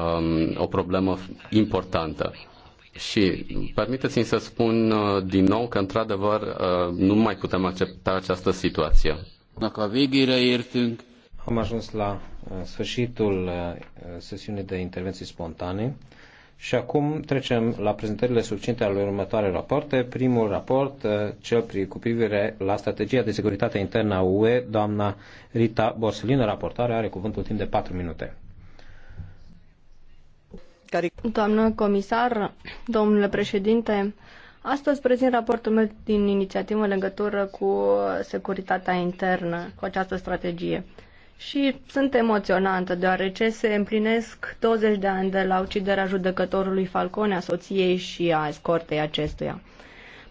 um, o problemă importantă. Și permiteți-mi să spun uh, din nou că, într-adevăr, uh, nu mai putem accepta această situație. Am ajuns la uh, sfârșitul uh, sesiunii de intervenții spontane și acum trecem la prezentările succinte ale următoare rapoarte. Primul raport, uh, cel cu privire la strategia de securitate internă a UE, doamna Rita Borsulină, raportare, are cuvântul timp de 4 minute care... Doamnă comisar, domnule președinte, astăzi prezint raportul meu din inițiativă în legătură cu securitatea internă, cu această strategie. Și sunt emoționantă, deoarece se împlinesc 20 de ani de la uciderea judecătorului Falcone, a soției și a escortei acestuia.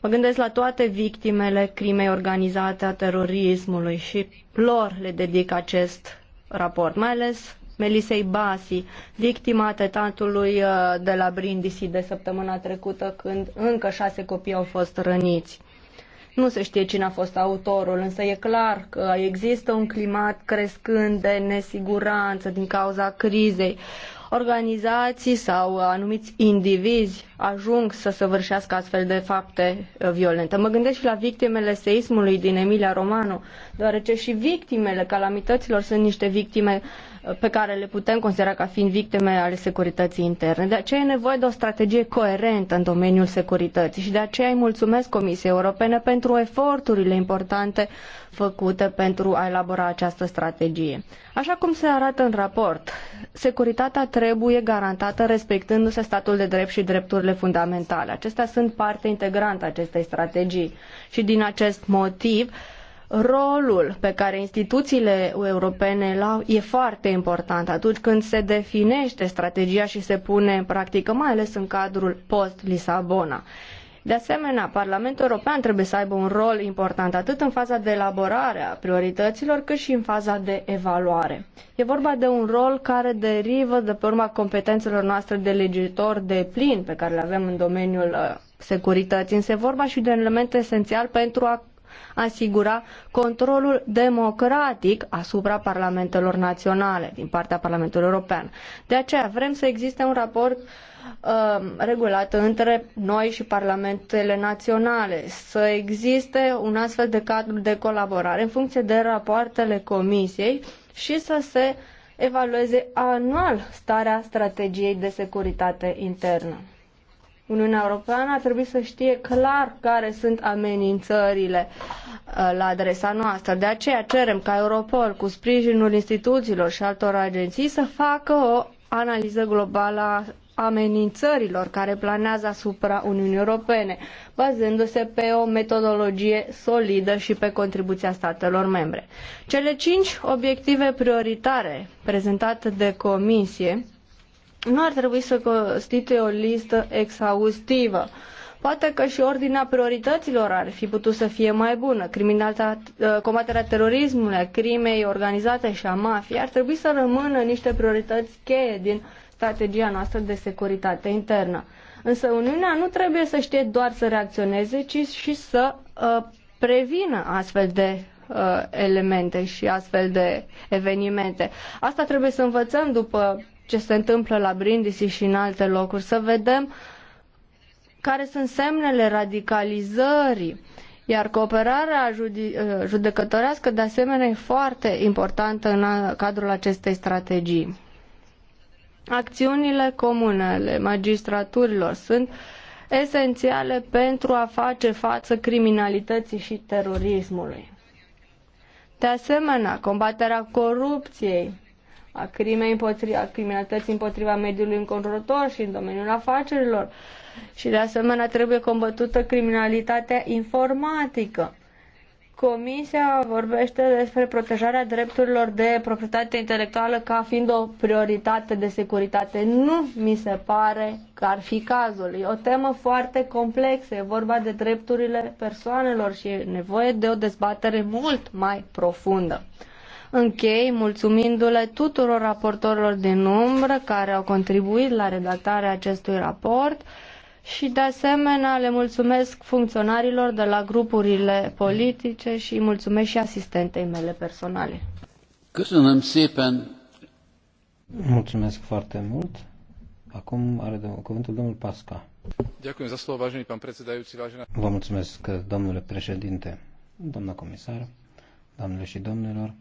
Mă gândesc la toate victimele crimei organizate a terorismului și lor le dedic acest raport, mai ales Melisei Basi, victima atentatului uh, de la Brindisi de săptămâna trecută, când încă șase copii au fost răniți. Nu se știe cine a fost autorul, însă e clar că există un climat crescând de nesiguranță din cauza crizei. Organizații sau anumiți indivizi ajung să săvârșească astfel de fapte uh, violente. Mă gândesc și la victimele seismului din Emilia Romano, deoarece și victimele calamităților sunt niște victime uh, pe care le putem considera ca fiind victime ale securității interne. De aceea e nevoie de o strategie coerentă în domeniul securității și de aceea îi mulțumesc Comisiei Europene pentru eforturile importante făcute pentru a elabora această strategie. Așa cum se arată în raport, securitatea trebuie garantată respectându-se statul de drept și drepturile fundamentale. Acestea sunt parte integrantă a acestei strategii și din acest motiv rolul pe care instituțiile europene îl au e foarte important atunci când se definește strategia și se pune în practică, mai ales în cadrul post-Lisabona. De asemenea, Parlamentul European trebuie să aibă un rol important atât în faza de elaborare a priorităților, cât și în faza de evaluare. E vorba de un rol care derivă de pe urma competențelor noastre de legitor de plin pe care le avem în domeniul uh, securității, însă e vorba și de un element esențial pentru a asigura controlul democratic asupra parlamentelor naționale din partea Parlamentului European. De aceea vrem să existe un raport uh, regulat între noi și parlamentele naționale, să existe un astfel de cadru de colaborare în funcție de rapoartele comisiei și să se evalueze anual starea strategiei de securitate internă. Uniunea Europeană ar trebui să știe clar care sunt amenințările uh, la adresa noastră. De aceea cerem ca Europol, cu sprijinul instituțiilor și altor agenții, să facă o analiză globală a amenințărilor care planează asupra Uniunii Europene, bazându-se pe o metodologie solidă și pe contribuția statelor membre. Cele cinci obiective prioritare prezentate de Comisie nu ar trebui să constituie o listă exhaustivă. Poate că și ordinea priorităților ar fi putut să fie mai bună. Criminalitatea, ă, Combaterea terorismului, crimei organizate și a mafiei ar trebui să rămână niște priorități cheie din strategia noastră de securitate internă. Însă Uniunea nu trebuie să știe doar să reacționeze, ci și să uh, prevină astfel de uh, elemente și astfel de evenimente. Asta trebuie să învățăm după ce se întâmplă la Brindisi și în alte locuri, să vedem care sunt semnele radicalizării. Iar cooperarea uh, judecătorească, de asemenea, e foarte importantă în cadrul acestei strategii. Acțiunile comune ale magistraturilor sunt esențiale pentru a face față criminalității și terorismului. De asemenea, combaterea corupției a crimei împotriva, a criminalității împotriva mediului înconjurător și în domeniul afacerilor. Și de asemenea trebuie combătută criminalitatea informatică. Comisia vorbește despre protejarea drepturilor de proprietate intelectuală ca fiind o prioritate de securitate. Nu mi se pare că ar fi cazul. E o temă foarte complexă. E vorba de drepturile persoanelor și e nevoie de o dezbatere mult mai profundă. Închei mulțumindu-le tuturor raportorilor din umbră care au contribuit la redactarea acestui raport și de asemenea le mulțumesc funcționarilor de la grupurile politice și mulțumesc și asistentei mele personale. Mulțumesc foarte mult. Acum are cuvântul domnul Pasca. Vă mulțumesc, domnule președinte, doamna comisar, doamnele și domnilor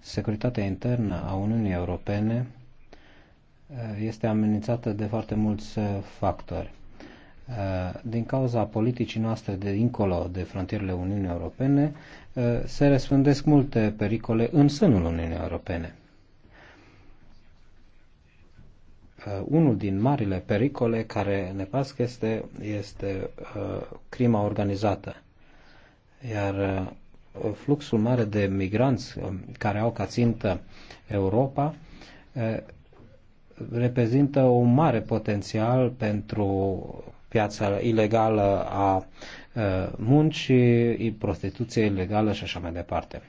securitatea internă a Uniunii Europene eh, este amenințată de foarte mulți eh, factori. Eh, din cauza politicii noastre de dincolo de frontierele Uniunii Europene, se răspândesc multe pericole în sânul Uniunii Europene. Unul din marile pericole care ne pasc este, este crima organizată. Iar fluxul mare de migranți uh, care au ca țintă Europa uh, reprezintă un mare potențial pentru piața ilegală a uh, muncii, prostituție ilegală și așa mai departe.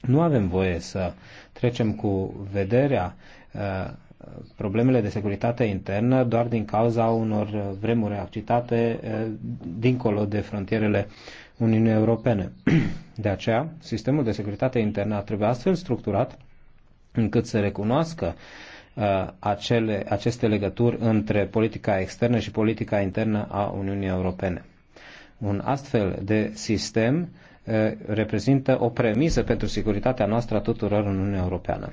Nu avem voie să trecem cu vederea problemele de securitate internă doar din cauza unor vremuri agitate eh, dincolo de frontierele Uniunii Europene. De aceea, sistemul de securitate internă trebuie astfel structurat încât să recunoască eh, acele, aceste legături între politica externă și politica internă a Uniunii Europene. Un astfel de sistem eh, reprezintă o premisă pentru securitatea noastră a tuturor în Uniunea Europeană.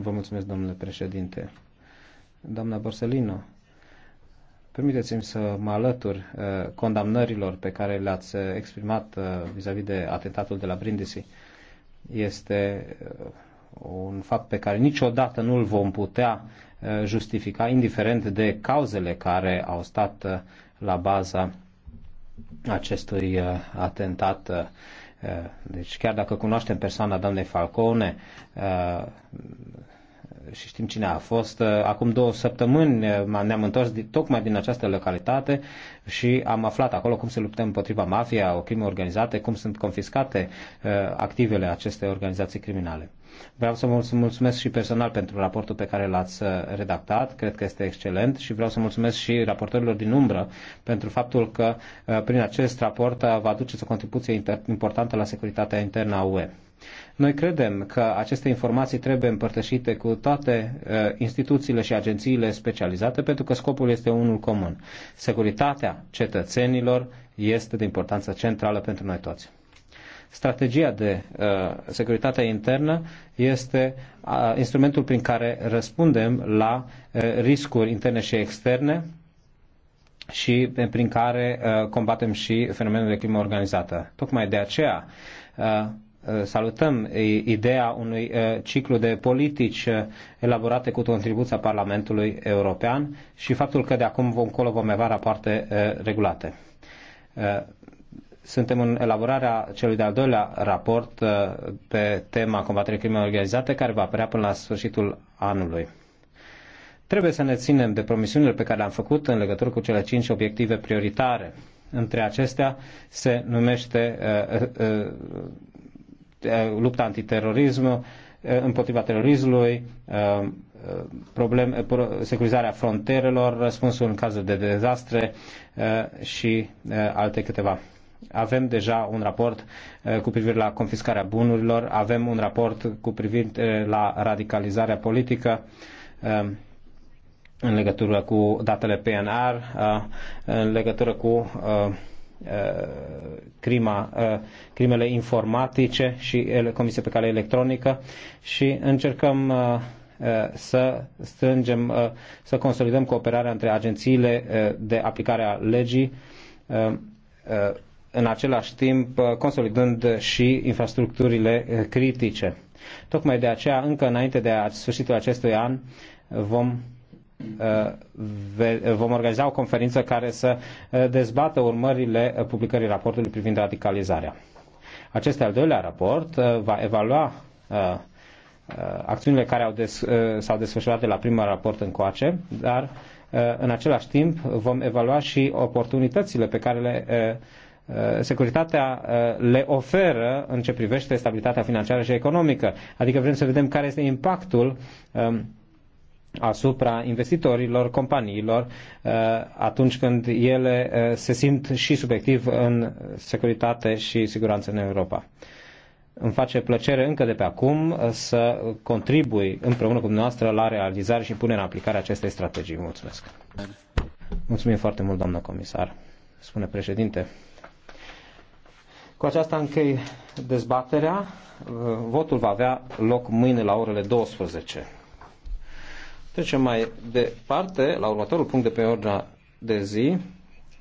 Vă mulțumesc, domnule președinte. Doamna Borsellino, permiteți-mi să mă alătur uh, condamnărilor pe care le-ați uh, exprimat uh, vis-a-vis -vis de atentatul de la Brindisi. Este uh, un fapt pe care niciodată nu-l vom putea uh, justifica, indiferent de cauzele care au stat uh, la baza acestui uh, atentat. Uh, Eh, deci chiar dacă cunoaștem persoana doamnei Falcone, eh, și știm cine a fost. Uh, acum două săptămâni uh, ne-am întors tocmai din această localitate și am aflat acolo cum se luptăm împotriva mafia, o crimă organizată, cum sunt confiscate uh, activele acestei organizații criminale. Vreau să mulțumesc și personal pentru raportul pe care l-ați redactat, cred că este excelent și vreau să mulțumesc și raportorilor din umbră pentru faptul că prin acest raport vă aduceți o contribuție importantă la securitatea internă a UE. Noi credem că aceste informații trebuie împărtășite cu toate uh, instituțiile și agențiile specializate pentru că scopul este unul comun. Securitatea cetățenilor este de importanță centrală pentru noi toți. Strategia de uh, securitate internă este uh, instrumentul prin care răspundem la uh, riscuri interne și externe și prin care uh, combatem și fenomenul de crimă organizată. Tocmai de aceea uh, Uh, salutăm ideea unui uh, ciclu de politici uh, elaborate cu contribuția Parlamentului European și faptul că de acum vom colo vom avea rapoarte regulate. Suntem în elaborarea celui de-al doilea raport pe tema combaterii crimei organizate care va apărea până la sfârșitul anului. Trebuie să ne ținem de promisiunile pe care le-am făcut în legătură cu cele cinci obiective prioritare. Între acestea se numește uh, uh, lupta antiterorism, uh, împotriva terorismului, uh, uh, problem, securizarea frontierelor, răspunsul în cazul de dezastre și alte câteva. Avem deja un raport cu privire la confiscarea bunurilor, avem un raport cu privire la radicalizarea politică în legătură cu datele PNR, în legătură cu Uh, crima, uh, crimele informatice și comise pe cale electronică și încercăm uh, să strângem, să consolidăm cooperarea între agențiile de aplicare a legii, în același timp consolidând și infrastructurile critice. Tocmai de aceea, încă înainte de sfârșitul acestui an, vom Uh, uh, vom organiza o conferință care să uh, dezbată urmările publicării raportului privind radicalizarea. Acest al doilea raport va evalua acțiunile care au des, s-au desfășurat de la primul raport încoace, dar în același timp vom evalua și oportunitățile pe care le securitatea le oferă în ce privește stabilitatea financiară și economică. Adică vrem să vedem care este impactul um, asupra investitorilor, companiilor, uh, atunci când ele uh, se simt și subiectiv în securitate și siguranță în Europa. Îmi face plăcere încă de pe acum uh, să contribui împreună cu dumneavoastră la realizare și punerea în aplicare acestei strategii. Mulțumesc! Mulțumim foarte mult, doamnă comisar, spune președinte. Cu aceasta închei dezbaterea. Votul va avea loc mâine la orele 12. Trecem mai departe la următorul punct de pe ordinea de zi.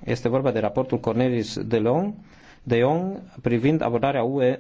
Este vorba de raportul Cornelis de Long, de Jong privind abordarea UE